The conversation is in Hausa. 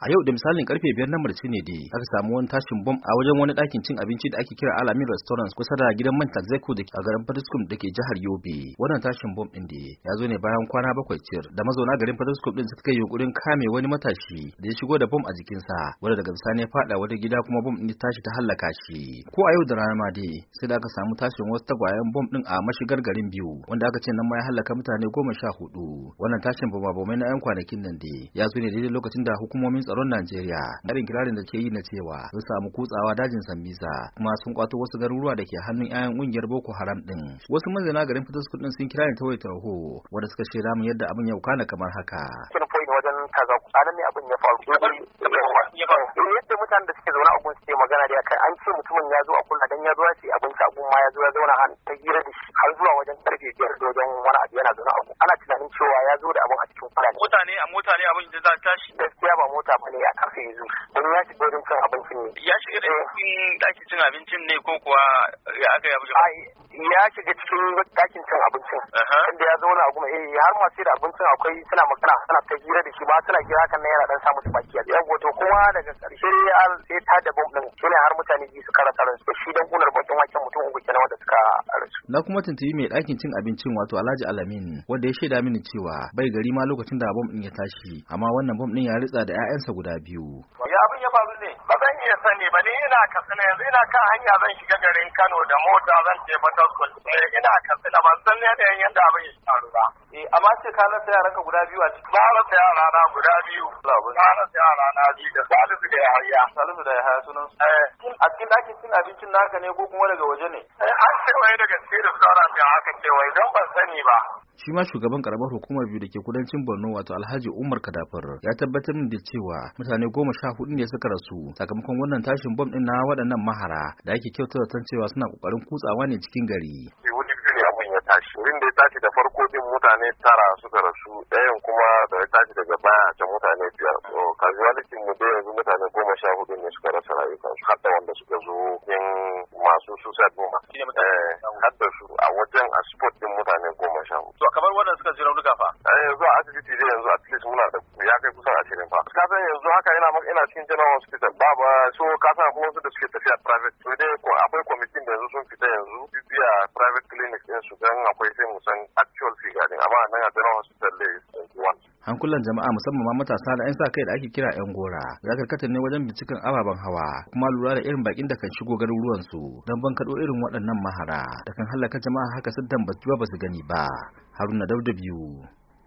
a yau da misalin karfe biyar na marci ne dai aka samu wani tashin bom a wajen wani ɗakin cin abinci da ake kira alamin restaurant kusa da gidan man taxeco da a garin fatiskum da ke jihar yobe wannan tashin bom ɗin dai ya zo ne bayan kwana bakwai cir da mazauna garin fatiskum ɗin suka yi yunkurin kame wani matashi da ya shigo da bom a jikinsa wanda daga bisani ya faɗa wata gida kuma bom ɗin tashi ta hallaka shi ko a yau da rana ma dai sai da aka samu tashin wasu tagwayen bom ɗin a mashigar garin biyu wanda aka ce nan ma ya hallaka mutane goma sha hudu wannan tashin bama bomai na 'yan kwanakin nan dai ya zo ne daidai lokacin da hukumomin tsaron Najeriya garin kirarin da ke yi na cewa sun samu kutsawa dajin Sambisa kuma sun kwato wasu garuruwa da ke hannun 'ya'yan ƙungiyar Boko Haram din. Wasu mazana garin Fataskun din sun kira ni ta wayar tarho wanda suka shaida min yadda abin ya kwana kamar haka. wajen kaza ne abin ya faru eh, yadda mutanen da suke zaune a gun suke magana da kai an ce mutumin ya zo a kula dan ya zo ya ce abinci a gun ma ya zo ya zauna ta hira da shi har zuwa wajen karfe biyar dogon wani abu yana zaune a gun ana tunanin cewa ya ya zo da abun a cikin fara mota ne a mota ne abin da za ta shi. gaskiya ba mota ba ne a kafa ya zo don ya shiga wurin cin abincin ne ya shiga da eh. cikin ɗakin cin abincin ne ko kuwa ya aka yi abin ya shiga cikin ɗakin cin abincin inda ya na a kuma eh har ma sai da abincin akwai suna magana suna ta hira da shi ba suna hira kan yana dan sa su baki ya goto kuma daga ƙarshe an sai ta da bom shi ne har mutane biyu suka rasa ransu shi dan kunar bakin waken mutum uku kenan wanda suka rasu na kuma tuntubi mai ɗakin cin abincin wato Alhaji Alamin wanda ya shaida mini cewa bai gari ma lokacin da bom din ya tashi amma wannan bom din ya ritsa da 'ya'yansa guda biyu ya abin ya faru ne ba zan iya sani ba ni ina kasana. yanzu ina kan hanya zan shiga garin Kano da mota zan je Fataskul eh, ina kasana. ban san ne da yanda abin ya faru ba eh amma ce ka rasa yaran ka guda biyu a ciki ba rasa yara na guda biyu na rasa yara na biyu da Salisu da Yahaya Salisu da Yahaya sunan su eh. a cikin dakin cin abincin naka ne ko kuma daga waje ne eh, an ce wai daga cikin sauran da aka ce wai don ban sani ba shi ma shugaban karamar hukumar biyu da ke kudancin Borno wato Alhaji Umar Kadafar ya tabbatar da cewa mutane goma sha hudu ne suka rasu sakamakon wannan tashin bom din na waɗannan mahara da ake kyautata cewa suna kokarin kutsawa ne cikin gari. Eh, tashi da ya tashi da farko din mutane tara suka rasu ɗayan kuma da ya tashi daga baya a can mutane biyar to casualty mu da yanzu mutane goma sha hudu ne suka rasa rayukansu har da wanda suka zo yin masu suicide bomba har da su a wajen a sport din mutane goma sha hudu to kamar wannan yanzu a asibiti dai yanzu at least muna da ya kai kusan cikin fa ka san yanzu haka ina ina cikin general hospital ba ba so ka kuma wasu da suke tafiya private to dai ko akwai kwamitin da yanzu sun fita yanzu bibiya private clinic din su dan akwai sai musan actual figure din amma nan a general hospital dai hankulan jama'a musamman ma matasa da 'yan sa kai da ake kira 'yan gora ya ka ne wajen binciken ababen hawa kuma lura da irin bakin da kan shigo garuruwan su don ban kaɗo irin waɗannan mahara da kan hallaka jama'a haka sun ba ba su gani ba haruna dauda biyu